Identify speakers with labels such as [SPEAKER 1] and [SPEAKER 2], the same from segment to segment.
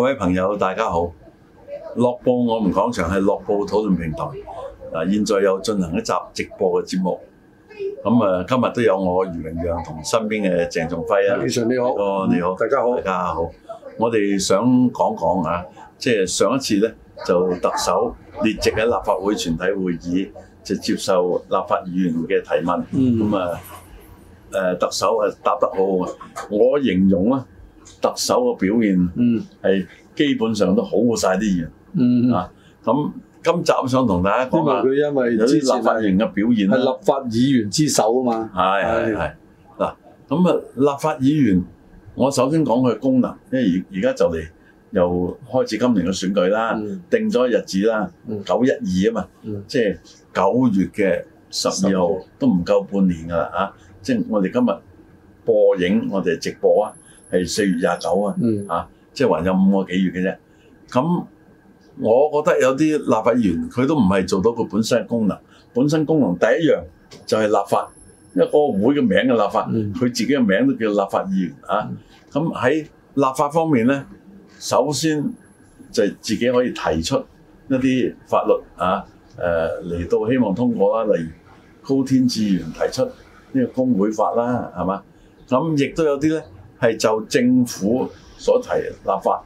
[SPEAKER 1] 各位朋友，大家好。樂報我們講場係樂報討論平台。嗱，現在又進行一集直播嘅節目。咁、嗯、啊，今日都有我余明陽同身邊嘅鄭仲輝啊。你好。哦，你好、嗯，大家好，大家好。我哋想講講啊，即、就、係、是、上一次咧，就特首列席喺立法會全體會議，就接受立法議員嘅提問。咁啊、嗯，誒、嗯、特首誒答得好。我形容啊。特首嘅表現，嗯，係基本上都好晒啲嘢，嗯啊，咁今集我想同大家講啦，佢因為，因為有啲立法人嘅表現咧，係立法議員之首啊嘛，係係係。嗱，咁啊立法議員，我首先講佢功能，因為而而家就嚟又開始今年嘅選舉啦，嗯、定咗日子啦，九一二啊嘛，嗯嗯、即係九月嘅十二號都唔夠半年㗎啦嚇，即係我哋今日播映，我哋直播啊！係四月廿九啊，啊，即係還有五個幾月嘅啫。咁我覺得有啲立法議員佢都唔係做到佢本身嘅功能，本身功能第一樣就係立法，一個會嘅名嘅立法，佢自己嘅名都叫立法議員啊。咁喺立法方面咧，首先就係自己可以提出一啲法律啊，呃、嚟到希望通過啦。例如高天賜議員提出呢個工會法啦，係嘛？咁亦都有啲咧。係就政府所提立法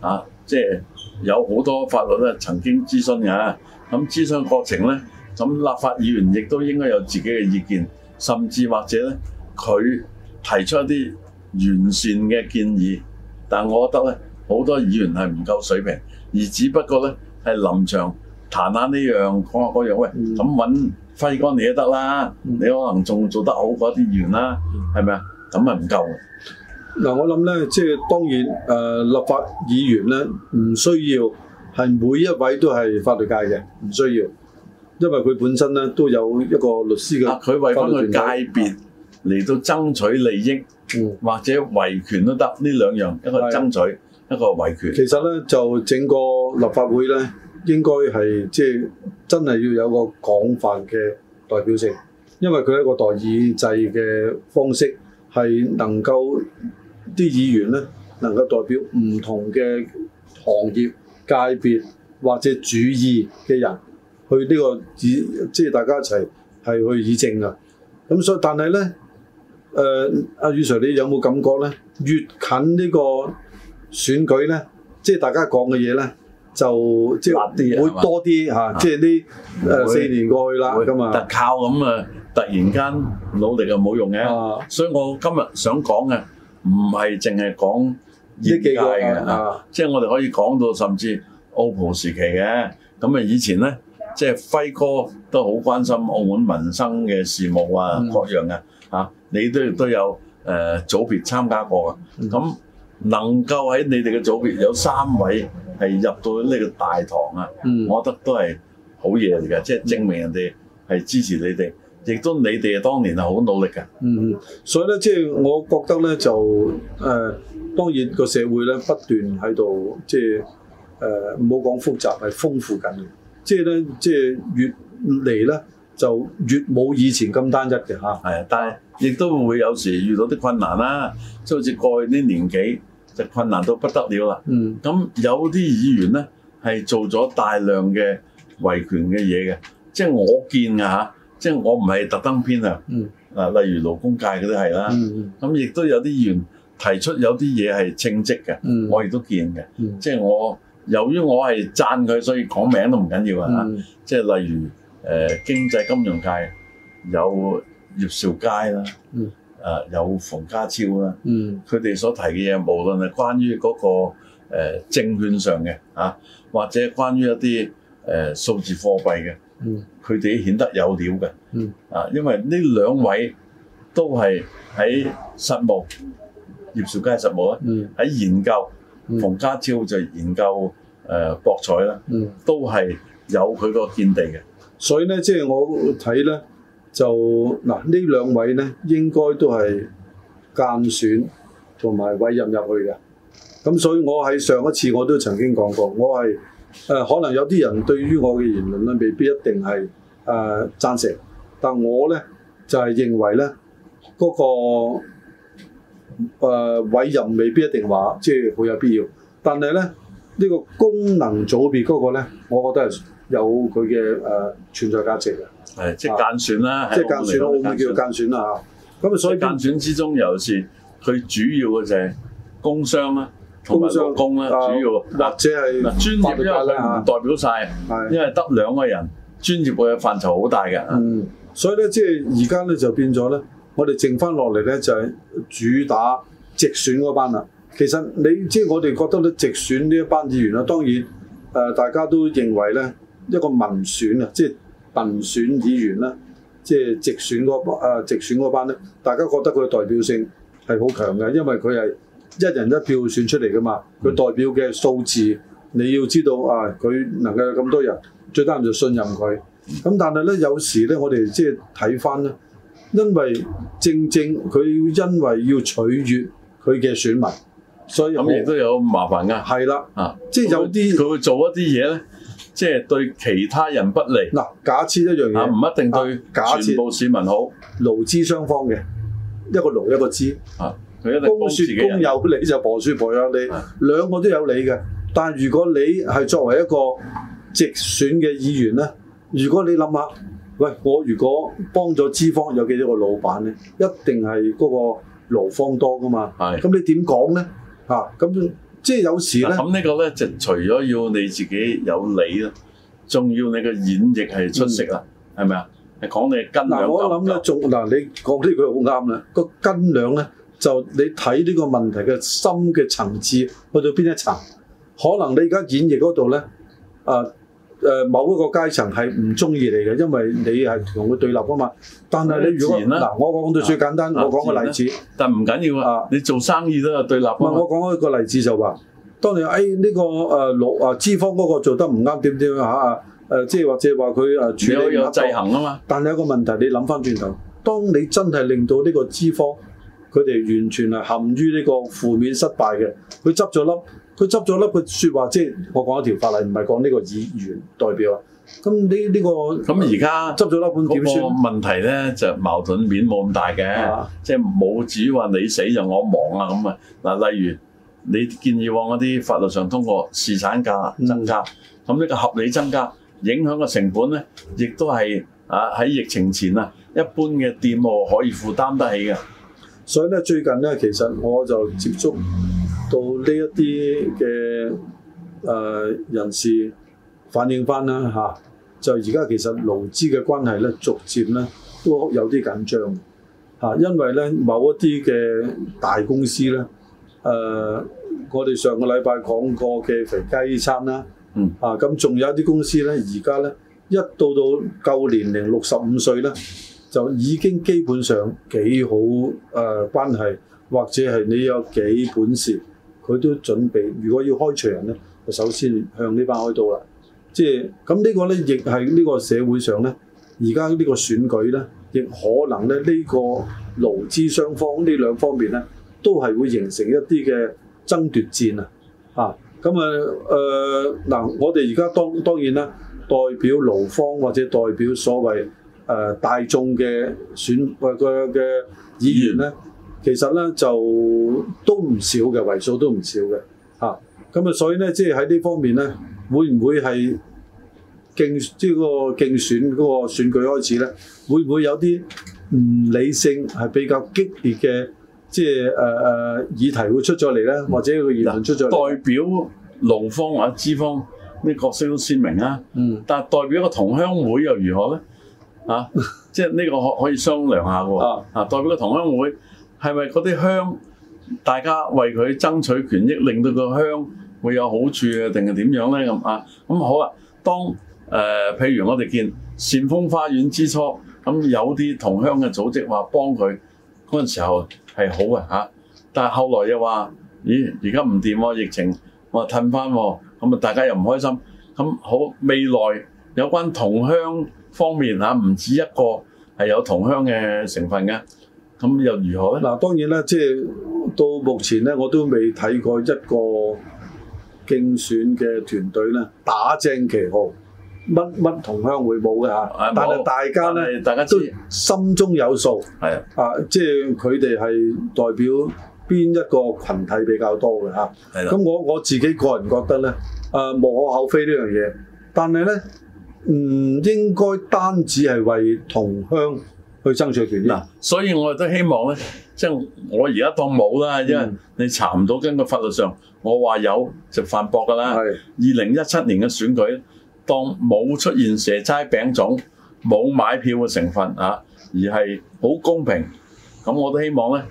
[SPEAKER 1] 啊，即係有好多法律咧曾經諮詢嘅，咁諮詢過程咧，咁立法議員亦都應該有自己嘅意見，甚至或者咧佢提出一啲完善嘅建議。但我覺得咧，好多議員係唔夠水平，而只不過咧係臨場談下呢談談談樣講下嗰樣，喂，咁揾輝哥你都得啦，你可能仲做得好過啲議員啦，係咪啊？咁咪唔夠。
[SPEAKER 2] 嗱，我諗咧，即係當然，誒、呃、立法議員咧唔需要係每一位都係法律界嘅，唔需要，因為佢本身咧都有一個律師嘅，佢為法律界別嚟到爭取利益，嗯、或者維權都得呢兩樣，一個爭取，的一個維權。其實咧，就整個立法會咧，應該係即係真係要有個廣泛嘅代表性，因為佢係一個代議制嘅方式係能夠。啲議員咧能夠代表唔同嘅行業界別或者主義嘅人去呢個議，即係大家一齊係去議政嘅。咁所以但係咧，誒、呃，阿余 Sir 你有冇感覺咧？越近呢個選舉咧，即係大家講嘅嘢咧，就即係會多啲嚇，嗎啊、即係呢誒四年過去啦咁啊，嘛特靠咁啊，
[SPEAKER 1] 突然間努力又冇用嘅。啊、所以我今日想講嘅。唔係淨係講業界嘅，啊啊、即係我哋可以講到甚至澳葡時期嘅。咁啊，以前咧，即係輝哥都好關心澳門民生嘅事務啊，嗯、各樣嘅嚇、啊，你都都有誒、呃、組別參加過嘅。咁、嗯、能夠喺你哋嘅組別有三位係入到呢個大堂啊，嗯、我覺得都係好嘢嚟嘅，即、就、係、是、證明人哋係支持你哋。嗯嗯亦都你哋啊，當年係好努力嘅。
[SPEAKER 2] 嗯嗯，所以咧，即係我覺得咧，就誒、呃、當然個社會咧不斷喺度，即係唔好講複雜，係豐富緊嘅。即係咧，即係越嚟咧就越冇以前咁單一嘅嚇。係啊，但係亦都會有時遇到啲困難啦，即係好似過
[SPEAKER 1] 去啲年紀就困難到不得了啦。嗯，咁有啲議員咧係做咗大量嘅維權嘅嘢嘅，即係我見嘅。即係我唔係特登編啊，啊，例如勞工界嗰啲係啦，咁亦都有啲議員提出有啲嘢係稱職嘅，嗯、我亦都見嘅。嗯、即係我由於我係贊佢，所以講名都唔緊要、嗯、啊。即係例如誒、呃、經濟金融界有葉兆佳啦、嗯啊，有馮家超啦，佢哋、嗯、所提嘅嘢，無論係關於嗰、那個證、呃、證券上嘅啊或者關於一啲誒、呃、數字貨幣嘅。嗯，佢哋顯得有料嘅，嗯、啊，因為呢兩位都係喺實務，葉少佳係實務啦，喺、嗯、研究，馮、嗯、家超就研究誒、呃、博彩啦，嗯、
[SPEAKER 2] 都係有佢個見地嘅、嗯，所以咧即係我睇咧就嗱呢兩位咧應該都係間選同埋委任入去嘅，咁所以我喺上一次我都曾經講過，我係。誒、呃、可能有啲人對於我嘅言論咧，未必一定係誒、呃、贊成，但我咧就係、是、認為咧嗰、那個、呃、委任未必一定話即係好有必要，但係咧呢、這個功能組別嗰個咧，我覺得係有佢嘅誒存在價值嘅，係即係間選啦，即係間選咯，我咪叫做間選啦嚇。咁算、啊、所以間選之中尤其是佢主要嘅
[SPEAKER 1] 就係工商啦。工商工咧主要，啊、或者係嗱專業，因為佢唔代表曬，的因為得兩個人，專業嘅範疇好大嘅，嗯，
[SPEAKER 2] 所以咧即係而家咧就變咗咧，我哋剩翻落嚟咧就係主打直選嗰班啦。其實你即係、就是、我哋覺得咧，直選呢一班議員啦、啊，當然誒、呃、大家都認為咧一個民選啊，即、就、係、是、民選議員啦、啊，即、就、係、是、直選嗰誒、啊、直選嗰班咧，大家覺得佢嘅代表性係好強嘅，因為佢係。一人一票選出嚟噶嘛？佢代表嘅數字，嗯、你要知道啊，佢能夠有咁多人，最緊要就信任佢。咁但係咧，有時咧，我哋即係睇翻咧，因為正正佢因為要取悅佢嘅選民，所以咁亦都有麻煩㗎。係啦的，啊，即係有啲佢會做一啲嘢咧，即、就、係、是、對其他人不利。嗱、啊，假設一樣嘢唔一定對全部市民好。勞資雙方嘅一個勞一個資啊。公說公有理，就婆說婆有理，兩的個都有理嘅。但係如果你係作為一個直選嘅議員咧，如果你諗下，喂，我如果幫咗資方，有幾多個老闆咧，一定係嗰個勞方多噶嘛。係的，咁你點講咧？吓、啊，咁即係有時咧。咁
[SPEAKER 1] 呢個咧，就除咗要你自己有理啦，仲要你嘅演繹係出色啊，係咪啊？講你斤兩夠唔夠？嗱，
[SPEAKER 2] 我諗咧，仲嗱，你講、那個、呢句好啱啦，個斤量咧。就你睇呢個問題嘅深嘅層次去到邊一層？可能你而家演繹嗰度咧，某一個階層係唔中意你嘅，因為你係同佢對立啊嘛。但係你如果嗱，我講到最簡單，啊、我講個例子，但唔緊要啊。要啊你做生意都係對立、嗯、我講一個例子就話、是，當你誒呢個、呃、資方嗰個做得唔啱點點嚇即係或者話佢誒處理有，有制衡啊嘛。但係有個問題，你諗翻轉頭，當你真係令到呢個資方。佢哋完全係陷於呢個負面失敗嘅，佢執咗粒，佢執咗粒佢説話，即係我講一條法例，唔係講呢個議員代表啊。咁呢呢個咁而家執咗粒判點算？個問
[SPEAKER 1] 題咧就矛盾面冇咁大嘅，啊、即係冇至於話你死就我亡啊咁啊。嗱，例如你建議往嗰啲法律上通過試產價增加，咁呢、嗯、個合理增加影響嘅成本咧，亦都係啊喺疫情前啊，
[SPEAKER 2] 一般嘅店鋪可以負擔得起嘅。所以咧，最近咧，其實我就接觸到呢一啲嘅誒人士反映返啦，嚇，就而家其實勞資嘅關係咧，逐漸咧都有啲緊張嚇，因為咧某一啲嘅大公司咧，誒，我哋上個禮拜講過嘅肥雞餐啦，嗯，啊，咁仲有一啲公司咧，而家咧一到到夠年齡六十五歲咧。就已經基本上幾好誒、呃、關係，或者係你有幾本事，佢都準備。如果要開除人呢，就首先向呢班開刀啦。即係咁呢個呢亦係呢個社會上呢，而家呢個選舉呢，亦可能咧呢、呢個勞資雙方呢兩方面呢，都係會形成一啲嘅爭奪戰啊！啊，咁啊誒嗱，我哋而家當當然啦，代表勞方或者代表所謂。誒、呃、大眾嘅選個嘅、呃、議員咧，其實咧就都唔少嘅，為數都唔少嘅嚇。咁啊，所以咧，即係喺呢方面咧，會唔會係競即係嗰個競選嗰個選舉開始咧，會唔會有啲唔理性係比較激烈嘅，即係誒誒議題會出咗嚟咧，或者個議論出咗嚟，代表勞方或者資方啲角色
[SPEAKER 1] 都鮮明啊。嗯，但係代表個同鄉會又如何咧？啊，即係呢個可可以商量下喎。啊，啊，代表啲同鄉會係咪嗰啲鄉大家為佢爭取權益，令到個鄉會有好處係啊？定係點樣咧？咁啊，咁好啊。當誒、呃、譬如我哋見善豐花園之初，咁有啲同鄉嘅組織話幫佢嗰陣時候係好嘅嚇、啊，但係後來又話：咦，而家唔掂喎，疫情我褪翻，咁啊大家又唔開心。咁好，未來有關同鄉。方面嚇、啊、唔止一個係有同鄉嘅成分嘅，咁又如何
[SPEAKER 2] 咧？嗱，當然啦，即係到目前咧，我都未睇過一個競選嘅團隊咧，打正旗號乜乜同鄉會冇嘅嚇，啊、但係大家咧，大家都心中有數，係的啊，即係佢哋係代表邊一個群體比較多嘅嚇，咁的、啊、我我自己個人覺得咧，誒、啊、無可厚非呢樣嘢，但係咧。唔、嗯、應該單止係為同鄉去爭取權力，嗱，所
[SPEAKER 1] 以我亦都希望咧，即係我而家當冇啦，嗯、因為你查唔到，根據法律上，我話有就反駁噶啦。係二零一七年嘅選舉，當冇出現蛇齋餅粽，冇買票嘅成分啊，而係好公平。咁我都希望咧，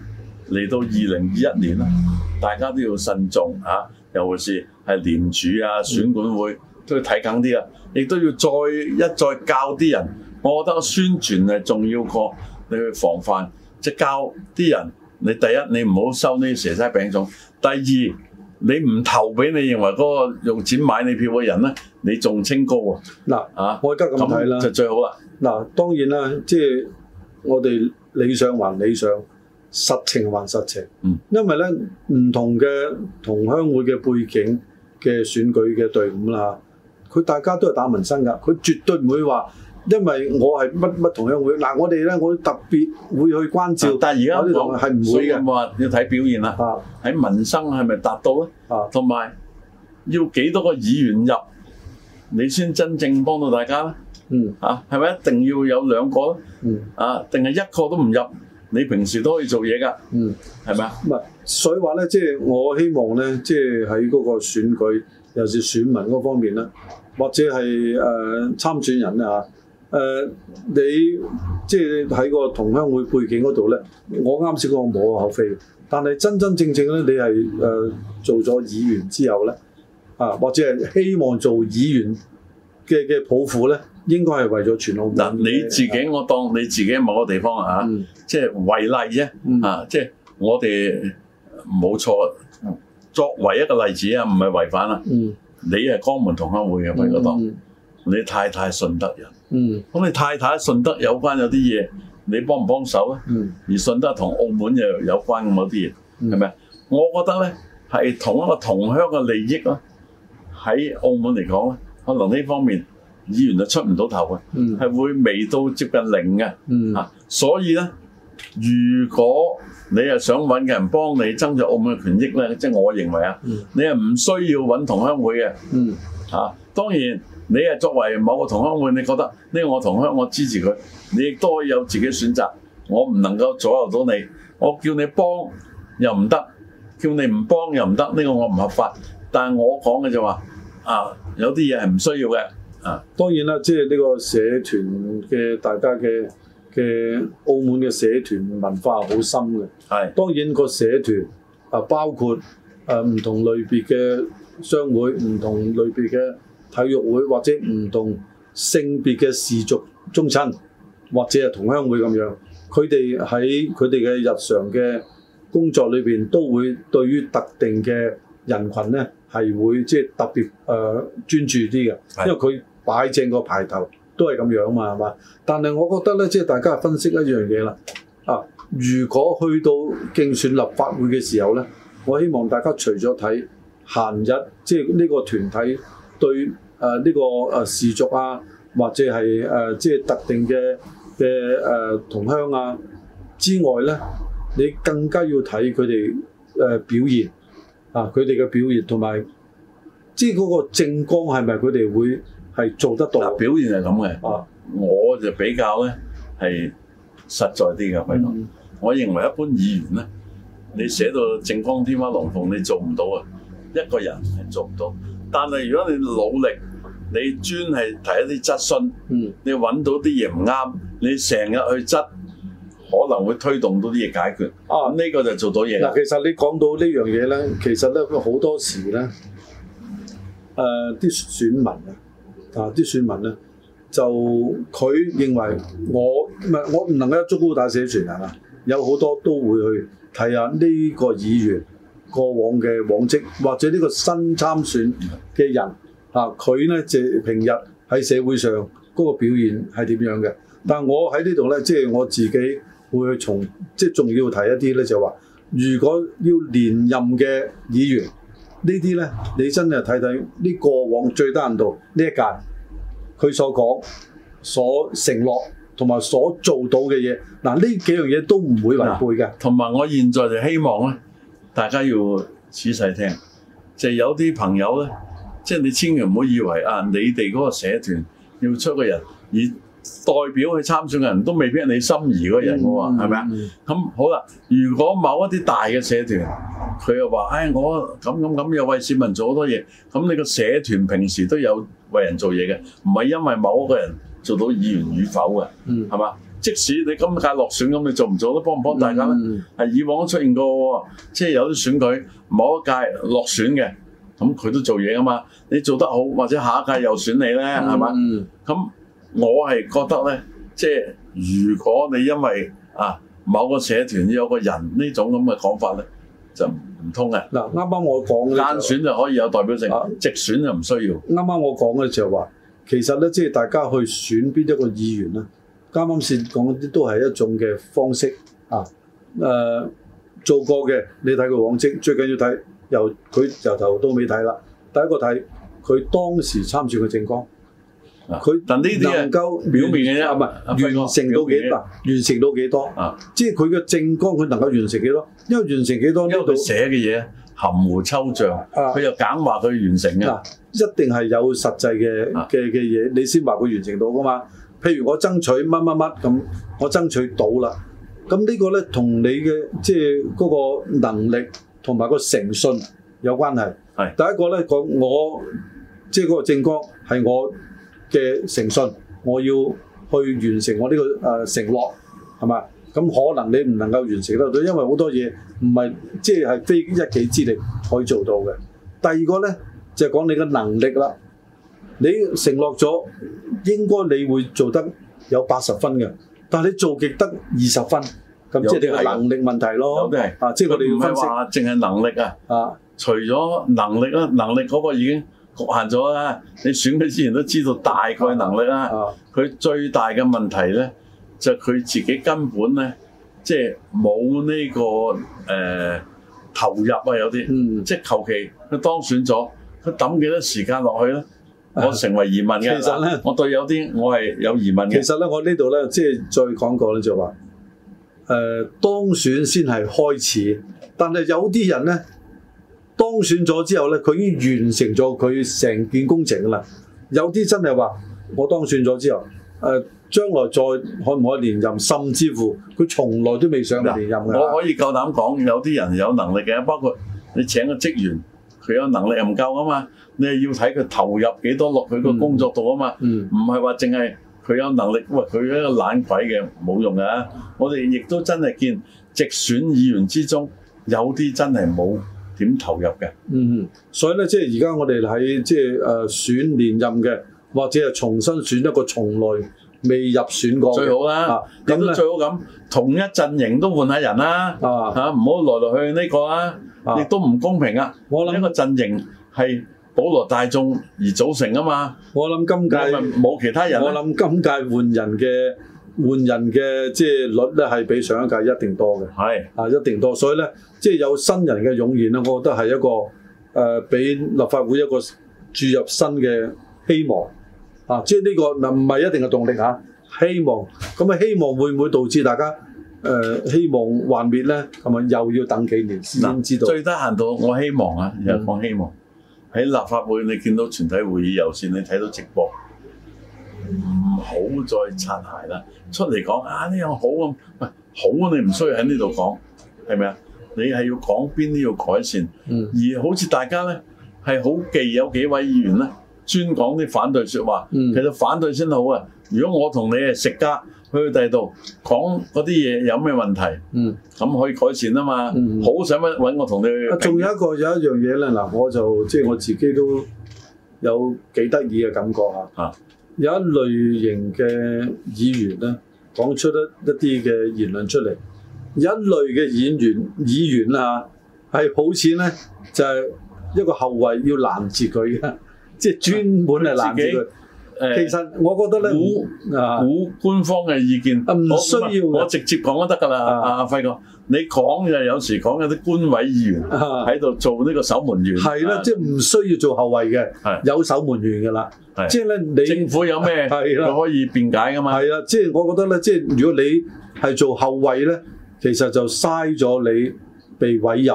[SPEAKER 1] 嚟到二零二一年啦，嗯、大家都要慎重啊，尤其是係廉署啊、選管會。嗯都要睇緊啲啦，亦都要再一再教啲人。我覺得宣傳係重要過你去防範，即、就是、教啲人。你第一，你唔好收呢蛇齋餅糉；第二，你唔投俾你認為嗰個用錢買你票嘅人咧，你
[SPEAKER 2] 仲清高喎、啊。嗱嚇、啊，我而家咁睇啦，樣就最好啦。嗱、啊，當然啦，即係我哋理想還理想，實情還實情。嗯，因為咧唔、嗯、同嘅同鄉會嘅背景嘅選舉嘅隊伍啦。佢大家都係打民生噶，佢絕對唔會話，因為我係乜乜同鄉會嗱、啊，我哋咧我特別會去關照。啊、但係而家呢哋講係唔會嘅，
[SPEAKER 1] 我話要睇表現啦，喺、啊、民生係咪達到咧？同埋、啊、要幾多個議員入，你先真正幫到大家咧？嗯，啊係咪一定要有兩個、嗯、啊定係一個都唔入，你平時都可以做嘢噶？嗯，
[SPEAKER 2] 係咪啊？唔係，所以話咧，即、就、係、是、我希望咧，即係喺嗰個選舉。又是選民嗰方面啦，或者係誒、呃、參選人咧嚇、呃，你即係喺個同鄉會背景嗰度咧，我啱先講冇可厚非，但係真真正正咧，你係誒做咗議員之後咧，啊或者係希望做議員嘅嘅抱負咧，應該係為咗全澳。嗱你自己，我當你自己某個
[SPEAKER 1] 地方嚇、啊，即係、嗯、為例啫。嗯、啊，即、就、係、是、我哋冇錯。作為一個例子啊，唔係違反啦。嗯、你係江門同鄉會嘅委託，嗯嗯、你太太順德人。咁、嗯、你太太順德有關有啲嘢，你幫唔幫手咧？嗯、而順德同澳門又有關咁嗰啲嘢，係咪啊？我覺得咧係同一個同鄉嘅利益咯。喺澳門嚟講咧，可能呢方面議員就出唔到頭嘅，係、嗯、會未到接近零嘅嚇、嗯啊。所以咧，如果你係想揾嘅人幫你爭取澳門嘅權益呢？即係我認為啊，你係唔需要揾同鄉會嘅。嗯嚇啊。當然，你係作為某個同鄉會，你覺得呢個我同鄉，我支持佢，你亦都可以有自己選擇。我唔能夠左右到你，我叫你幫又唔得，叫你唔幫又唔得，呢個我唔合法。但係我講嘅就話啊，有啲嘢係唔需要
[SPEAKER 2] 嘅啊。當然啦，即係呢個社團嘅大家嘅。嘅澳門嘅社團文化好深嘅，係是的 當然個社團啊，包括誒唔、啊、同類別嘅商會、唔同類別嘅體育會，或者唔同性別嘅氏族宗親，或者係同鄉會咁樣，佢哋喺佢哋嘅日常嘅工作裏邊都會對於特定嘅人群呢係會即係、就是、特別誒、呃、專注啲嘅，是的 因為佢擺正個牌頭。都係咁樣嘛，係嘛？但係我覺得咧，即係大家分析一樣嘢啦。啊，如果去到競選立法會嘅時候咧，我希望大家除咗睇閑日，即係呢個團體對誒呢個誒氏族啊，或者係誒即係特定嘅嘅誒同鄉啊之外咧，你更加要睇佢哋誒表現啊，佢哋嘅表現同埋即係嗰個政綱係咪佢哋會？係做得到的，啊，表現係咁嘅。啊、我就比較咧係
[SPEAKER 1] 實在啲嘅，偉龍、嗯。我認為一般議員咧，你寫到正方天花龍鳳，你做唔到啊！一個人係做唔到。但係如果你努力，你專係提一啲質詢，嗯、你揾到啲嘢唔啱，你成日去質，可能
[SPEAKER 2] 會推動到啲嘢解決。
[SPEAKER 1] 啊，呢、呢個就做到嘢嗱、啊，
[SPEAKER 2] 其實你講到呢樣嘢咧，其實咧佢好多時咧，誒、呃、啲選民啊。啊！啲選民咧，就佢認為我唔係我唔能夠一觸高大寫全啊！有好多都會去睇下呢個議員過往嘅往績，或者呢個新參選嘅人啊，佢咧就平日喺社會上嗰個表現係點樣嘅？但我喺呢度咧，即係我自己會去從即係仲要提一啲咧，就係話如果要連任嘅議員。呢啲咧，你真係睇睇呢過往最得人道呢一屆，佢所講、所承諾同埋所做到嘅嘢，嗱，呢幾樣嘢都唔會違背嘅。同埋、啊、我現在就希望咧，大家要
[SPEAKER 1] 仔細聽，就係、是、有啲朋友咧，即係你千祈唔好以為啊，你哋嗰個社團要出個人以。代表去參選嘅人都未必係你心儀嗰人嘅喎，係咪啊？咁吧、嗯、好啦，如果某一啲大嘅社團，佢又話，唉、哎，我咁咁咁又為市民做好多嘢，咁你個社團平時都有為人做嘢嘅，唔係因為某一個人做到議員與否嘅，係嘛、嗯？即使你今屆落選，咁你做唔做都幫唔幫大家咧？係、嗯、以往都出現過即係、就是、有啲選舉某一屆落選嘅，咁佢都做嘢噶嘛？你做得好，或者下一屆又選你咧，係嘛、嗯？咁。那我係覺得呢，即係如果你因為啊某個社團有個人呢種咁嘅講法呢，就唔通嘅。
[SPEAKER 2] 嗱、就是，啱啱我講間選
[SPEAKER 1] 就可以有代表性，啊、
[SPEAKER 2] 直選就唔需要。啱啱我講嘅就話，其實呢，即係大家去選邊一個議員呢，啱啱先講嗰啲都係一種嘅方式啊、呃。做過嘅你睇佢往績，最緊要睇由佢由頭到尾睇啦。第一個睇佢當時參選嘅政綱。佢能夠但是表面嘅啫，唔係、啊啊、完成到幾多？啊、完成到幾多？啊，即係佢嘅政綱，佢能夠完成幾多？因為完成幾多，因為佢寫嘅嘢含糊抽象，佢又、啊、簡化佢完成嘅嗱、啊，一定係有實際嘅嘅嘅嘢，你先話佢完成到噶嘛？譬如我爭取乜乜乜咁，我爭取到啦，咁呢個咧同你嘅即係嗰個能力同埋個誠信有關係。係是第一個咧，講我即係嗰個政綱係我。就是嘅誠信，我要去完成我呢、這個誒、呃、承諾，係嘛？咁可能你唔能夠完成得到，因為好多嘢唔係即係係非一己之力可以做到嘅。第二個咧就係、是、講你嘅能力啦。你承諾咗應該你會做得有八十分嘅，但係你做極得二十分，咁有即係你嘅能力問題咯。Okay, 啊，即係我哋要分析。唔係話
[SPEAKER 1] 淨係能力啊，啊，除咗能力啦，能力嗰個已經。局限咗啦！你選佢之前都知道大概能力啦。佢、啊啊、最大嘅問題咧，就佢、係、自己根本咧，即係冇呢個誒、呃、投入啊，有啲，即係求其佢當選咗，佢抌幾多時間落去咧，我成為疑問嘅、啊。其實咧，我對有啲我係有疑問嘅。其實
[SPEAKER 2] 咧，我這裡呢度咧，即係再講過咧，就話誒當選先係開始，但係有啲人咧。當選咗之後咧，佢已經完成咗佢成件工程噶啦。有啲真係話我當選咗之後，誒、呃、將來再可唔可以連任，甚至乎佢從來都未上任啊。我可以夠膽講，有啲人有能力嘅，包括你
[SPEAKER 1] 請個職員，佢有能力又唔夠啊嘛。你係要睇佢投入幾多落佢個工作度啊嘛，唔係話淨係佢有能力，喂，佢一個懶鬼嘅冇用㗎、啊。我哋亦都真係見直選議員之中有啲真係冇。點
[SPEAKER 2] 投入嘅？嗯嗯，所以咧，即係而家我哋喺即係誒選連任嘅，或者係重新選一個從來未入選過嘅最好啦。咁、啊、最好咁、
[SPEAKER 1] 啊、同一陣營都換下人啦、啊、嚇，唔好、啊啊、來來去去呢個啊，亦、啊、都唔公平啊！我諗一個陣營係保羅大眾而組成啊嘛。我諗
[SPEAKER 2] 今屆冇其他人。我諗今屆換人嘅。換人嘅即係率咧，係比上一屆一定多嘅，係是啊一定多，所以咧即係有新人嘅湧現咧，我覺得係一個誒俾、呃、立法會一個注入新嘅希望啊！即係呢個嗱唔係一定嘅動力、啊、希望咁啊希望會唔會導致大家、呃、希望幻滅咧？咁咪又要等幾年先知道？啊、最得閒到我
[SPEAKER 1] 希望啊，又講、嗯、希望喺立法會你見到全體會議有線，你睇到直播。好再擦鞋啦！出嚟講啊，呢樣好啊，喂，好啊，你唔需要喺呢度講，係咪啊？你係要講邊啲要改善，嗯，而好似大家呢，係好忌有幾位議員呢，專講啲反對説話，嗯，其實反對先好啊。如果我同你係食家去第二度講嗰啲嘢有咩問題，嗯，咁可以改善啊嘛，好，嗯，想乜揾我同你去。仲有一個
[SPEAKER 2] 有一樣嘢呢，嗱，啊，我就即係我自己都有幾得意嘅感覺嚇。啊。有一類型嘅議員咧，講出一一啲嘅言論出嚟；有一類嘅演員、議員啊，係好似咧，就係一個後衞要攔截佢嘅，即係專門係攔截佢。啊其實我覺得咧，估
[SPEAKER 1] 估官方嘅意見，唔、啊、需要，我直接講都得㗎啦，阿輝、啊啊、哥，你講嘅有時講嘅啲官委議員喺度
[SPEAKER 2] 做呢個守門員，係啦的，啊、即係唔需要做後衞嘅，的有守門員㗎啦，的即係咧，你政府有咩係啦，可以辯解㗎嘛，係啦，即係我覺得咧，即係如果你係做後衞咧，其實就嘥咗你被委任，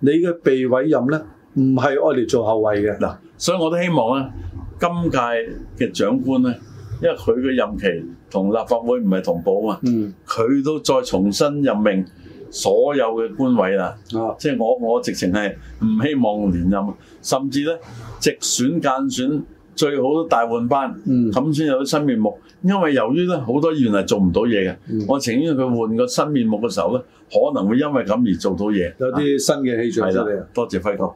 [SPEAKER 2] 你嘅被委任咧唔係愛嚟做後衞嘅嗱，所以
[SPEAKER 1] 我都希望咧。今屆嘅長官呢，因為佢嘅任期同立法會唔係同步啊嘛，佢、嗯、都再重新任命所有嘅官位啦。啊、即係我我直情係唔希望連任，甚至呢，直選間選最好都大換班，咁先、嗯、有新面目。因為由於呢，好多議員係做唔到嘢嘅，我情願佢換個新面目嘅時候呢，可能會因為咁而做到嘢，有啲新嘅氣象、啊、的多謝輝哥。